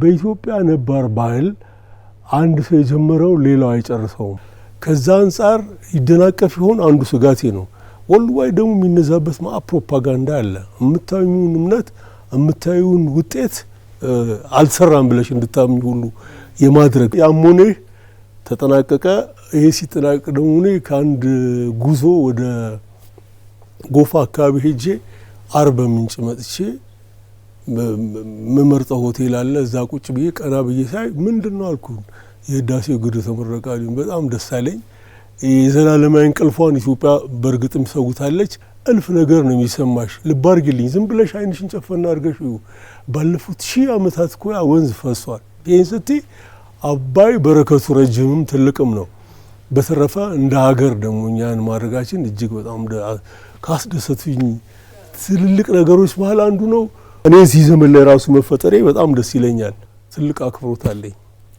በኢትዮጵያ ነባር ባህል አንድ ሰው የጀመረው ሌላው አይጨርሰውም። ከዛ አንጻር ይደናቀፍ ይሆን አንዱ ስጋቴ ነው። ወልዋይ ደግሞ የሚነዛበት ማ ፕሮፓጋንዳ አለ። የምታዩን እምነት የምታዩን ውጤት አልሰራም ብለሽ እንድታምኝ ሁሉ የማድረግ ያሞኔ ተጠናቀቀ። ይሄ ሲጠናቀቅ ደግሞ እኔ ከአንድ ጉዞ ወደ ጎፋ አካባቢ ሄጄ አርበ ምንጭ መጥቼ መመርጠው ሆቴል አለ። እዛ ቁጭ ብዬ ቀና ብዬ ሳይ ምንድን ነው አልኩ የህዳሴው ግድብ ተመረቀ አሉኝ። በጣም ደስ አለኝ። የዘላለማዊ እንቅልፏን ኢትዮጵያ በእርግጥም ሰውታለች። እልፍ ነገር ነው የሚሰማሽ። ልብ አርግልኝ፣ ዝም ብለሽ አይንሽን ጨፈና አድርገሽ ባለፉት ሺህ ዓመታት እኮ ያ ወንዝ ፈሷል። ይህን ስቲ አባይ በረከቱ ረጅምም ትልቅም ነው። በተረፈ እንደ ሀገር ደግሞ እኛን ማድረጋችን እጅግ በጣም ካስደሰቱኝ ትልልቅ ነገሮች መሀል አንዱ ነው። እኔ እዚህ ዘመን ላይ ራሱ መፈጠሬ በጣም ደስ ይለኛል። ትልቅ አክብሮት አለኝ።